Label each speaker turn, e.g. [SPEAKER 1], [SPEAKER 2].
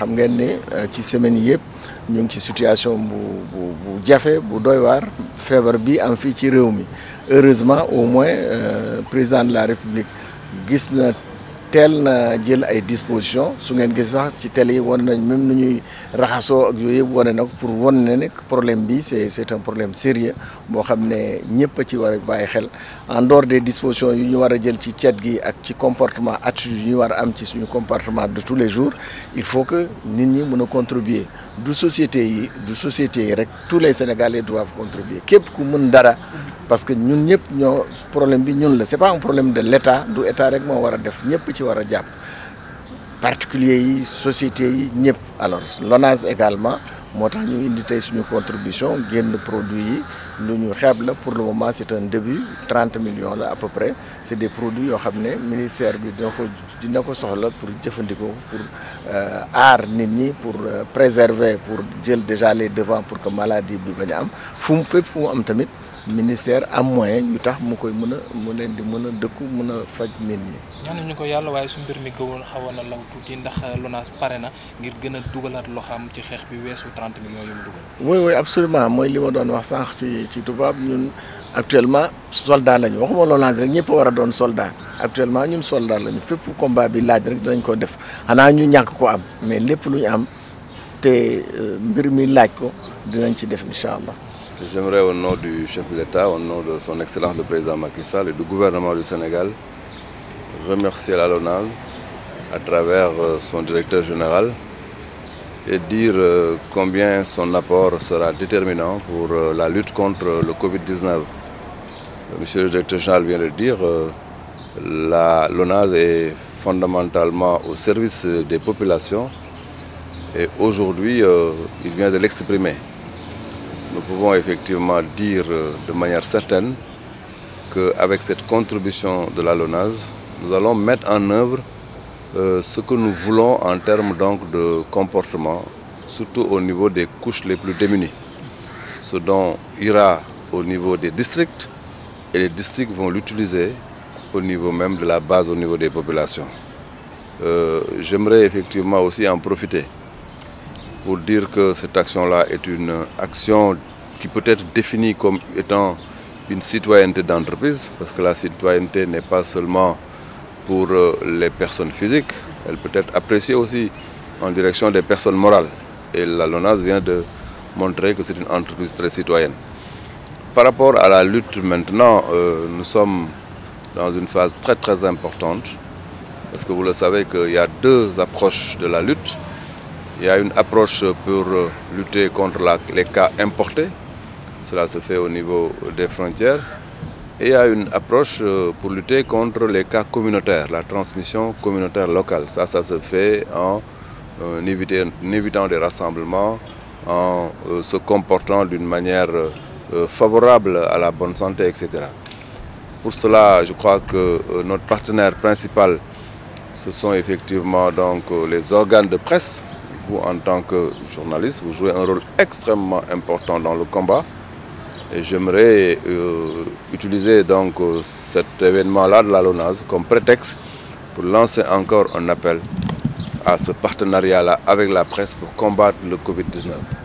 [SPEAKER 1] xam ngeen ne euh, ci semaine yi ñu ngi ci situation bu bu bu jafe bu doy waar feebar bi am fii ci réew mi heureusement au moins euh, président de la république gis na tel na jël ay disposition su ngeen gis sax ci télé yi wane nañ même nu ñuy raxasoo ak yooyu woné nak pour wan ne problème bi c'est c'est un problème sérieux bo xamné ne ñëpp ci wara a xel en dehors des dispositions yu ñu wara jël ci cet gi ak ci comportement attitude yu ñu war am ci suñu comportement de tous les jours il faut que nit ñi mëna contribuer du société yi du société yi rek tous les Sénégalais doivent contribuer képp ku mën dara parce que ñun ñep ñoo problème bi ñun la c'est pas un problème de l'État du État rek mo wara def ñep ci wara japp particuliers yi société yi ñep alors l'ONAS également motax ñu indi tay suñu contribution génn produit yi lu ñu la pour le moment c'est un début 30 millions là à peu près c'est des produits yo xamné ministère bi dina ko dina soxla pour jëfëndiko pour euh, art nit ñi pour euh, préserver pour jël déjà les devants pour que maladie bi bañ am fu fu am tamit ministère am moyen yu tax mu koy mën a mu leen di mën a dëkku mën a faj nit ñi.
[SPEAKER 2] ñaan ñu ko yalla waaye su mbir mi
[SPEAKER 1] gëwoon xawoon na law tuuti ndax LONASE pare na ngir gëna a dugalaat loxoom ci xex bi wessu 30 millions yu mu dugal. oui oui absolument moy li ma doon wax sax ci ci tubaab ñun actuellement soldat lañu waxuma lo LONASE rek ñepp wara a doon soldat actuellement ñun soldat lañu fepp combat bi laaj rek dañ ko def ana ñu ñàkk ko am mais lepp lu ñu am té euh, mbir mi laaj ko dinañ ci def inshallah
[SPEAKER 2] J'aimerais au nom du chef de l'État, au nom de son Excellence le Président Macky Sall et du gouvernement du Sénégal, remercier la LONAS à travers euh, son directeur général et dire euh, combien son apport sera déterminant pour euh, la lutte contre le Covid-19. Monsieur le directeur général vient de dire, la LONAS est fondamentalement au service des populations et aujourd'hui, il vient de l'exprimer nous pouvons effectivement dire euh, de manière certaine qu'avec cette contribution de la LONAS, nous allons mettre en œuvre euh, ce que nous voulons en termes donc de comportement, surtout au niveau des couches les plus démunies. Ce dont ira au niveau des districts et les districts vont l'utiliser au niveau même de la base, au niveau des populations. Euh, j'aimerais effectivement aussi en profiter pour dire que cette action-là est une action qui peut être définie comme étant une citoyenneté d'entreprise, parce que la citoyenneté n'est pas seulement pour euh, les personnes physiques, elle peut être appréciée aussi en direction des personnes morales. Et la LONAS vient de montrer que c'est une entreprise très citoyenne. Par rapport à la lutte maintenant, euh, nous sommes dans une phase très très importante, parce que vous le savez qu'il y a deux approches de la lutte. Il y a une approche pour lutter contre les cas importés. Cela se fait au niveau des frontières. Et il y a une approche euh, pour lutter contre les cas communautaires, la transmission communautaire locale. Ça, ça se fait en, euh, évitant, des rassemblements, en euh, se comportant d'une manière favorable à la bonne santé, etc. Pour cela, je crois que notre partenaire principal, ce sont effectivement donc les organes de presse, vous, en tant que journaliste, vous jouez un rôle extrêmement important dans le combat. Et j'aimerais euh, utiliser donc euh, cet événement-là de la LONAS comme prétexte pour lancer encore un appel à ce partenariat-là avec la presse pour combattre le Covid-19.